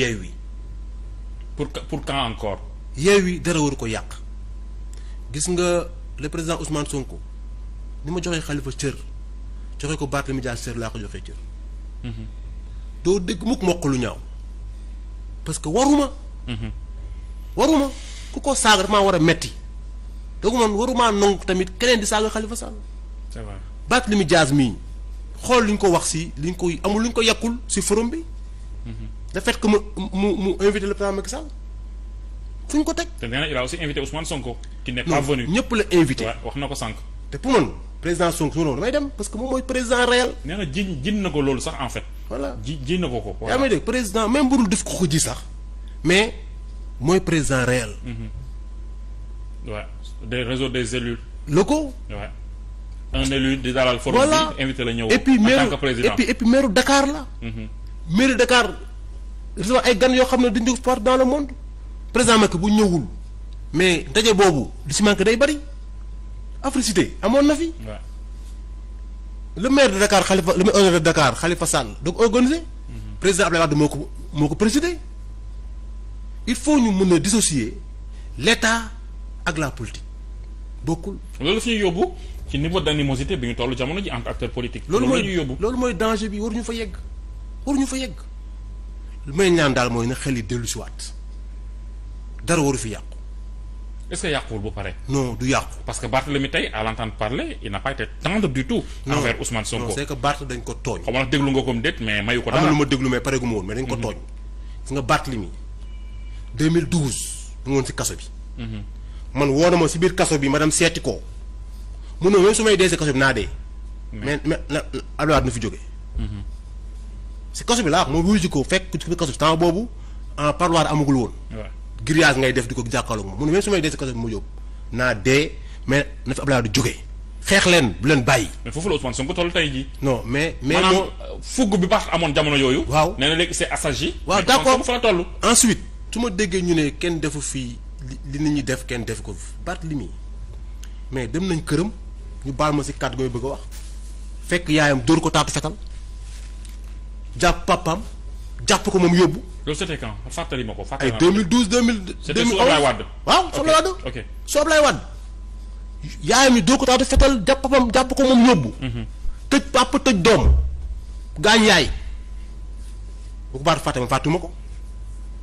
Yewwi pour pour quand encore. Yewwi dara waru ko yàq gis nga le président Ousmane Sonko ni ma joxee Khalifa cër joxe ko Barthélémy Dias cër laa ko joxee cër. Mhm. doo dégg lu ñaaw parce que waruma. Mhm. waruma ku ko saaga dafa maa war a metti donc man waruma nangu tamit keneen di saaga Khalifa Sall. c'est vrai Barthélémy Dias xool li ko wax si li ñu amul lu ko yàqul si forum bi. Mhm. de fait que mu mu mu le président Macky Sall fu ñu ko teg. te nee na il a aussi ñëpp la invité wax na ko sànq. te pour man président Sonko loolu damay dem parce que moom mooy président réel. nee na ji na ko loolu sax en fait. voilà ji ji na ko ko. voilà yaa may dégg président même bu def ko ko ji sax mais mooy président réel. waa mm-hmm. des réseaux des élus. locaux. waaw un élu di dalal forum bi invité la ñëw. en tant que la. Mm-hmm. maire Dakar. recevoir ay gan yoo xam ne dañu jóg part dans le monde président Macky bu ñëwul mais ndaje boobu lu si day bëri Africité amoon na fi. le maire de Dakar Khalifa le maire de Dakar Khalifa Sall da ko organisé. Mhm. président moo ko moo il faut ñu mën a dissocier l' état ak la politique bokkul. loolu fi ñuy yóbbu ci niveau d' bi ñu toll jamono ji entre acteur politique. loolu mooy loolu mooy danger bi waruñu fa yegg waruñu fa yegg. lu may ñaan daal mooy na xel yi dellu si waat dara waru fi yàqu. est-ce que yàquwul bu pare. non du yàqu. parce que Barthélemy tey à l'entendre parler il n'a pas été tendre du tout. non envers Ousmane Sonko non c'est que Barth ko tooñ. xaw ma nag nga ko déet mais mayu ko dara. am lu ma déglu mais pare gu ma mhm. woon si kaso bi. Mhm. man woo na si biir kaso bi ma dem seeti ko mu ne même su may dee si kaso bi naa dee. mais mais na fi jógee. Mhm. si kaso bi laa wax moom wuyu ji ko fekk ci kaso bi temps boobu parloir amagul woon. grillage ngay def di ko jàkkaarloog moom mu ne même su may dee si kaso bi mu yóbbu naa dee mais na fi Abdoulaye Wade jógee xeex leen bu leen bàyyi. mais foofu la Ousmane Sonko toll tey jii. non mais mais maanaam euh, fugg bi baax amoon jamono yooyu. waaw nee na léegi c'est assagi. waaw d'accord fa la toll. ensuite su ma déggee ñu ne kenn defu fii li nit ñi def kenn def ko Barthélémy mais dem nañ këram ñu baal ma si kàddu gi may bëgg wax fekk yaayam dóor ko taatu fetal. jàpp papaam jàpp ko moom yóbbu. loolu c'était quand fàttali ma ko fàttali ma ko ay 2012 2011 c'était sous Ablaye Wade. waaw yaayam yi doo ko taatu fetal jàpp papaam jàpp ko moom yóbbu. Mm-hmm. tëj papa tëj doom gaañ yaay. bu ko baatu fàtte fàttuma ko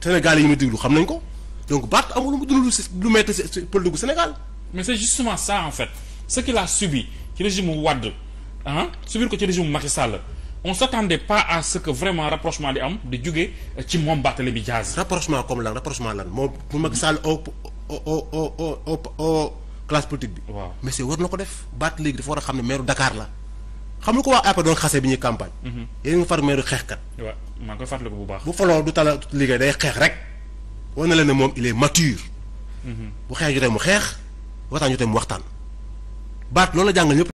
Sénégal yi mu déglu xam nañ ko donc baat amul lu dund lu métti si politique Sénégal. mais c'est justement ça en fait ce qu'il a subi ci régime Wade ah subir ko ci régime Macky Sall. on s'attendait pas à ce que vraiment rapprochement di am di jóge ci moom Barthélémy Diaz. rapprochement comme lan rapprochement lan moom pour Macky Sall au au au au classe politique bi. waaw mais c'est war na ko def baat léegi dafa war a xam ne maire Dakar la. xam nga ko waa APR doon xasee bi ñuy campagne. Mhm. yéen nga far meeru xeexkat. waaw maa ngi koy fàttaliku bu baax. bu faloo du tala liggéey day xeex rek. war na leen ne moom il mature. Mhm. bu xeex jotee mu xeex waxtaan jotee mu waxtaan baat loolu la jàngal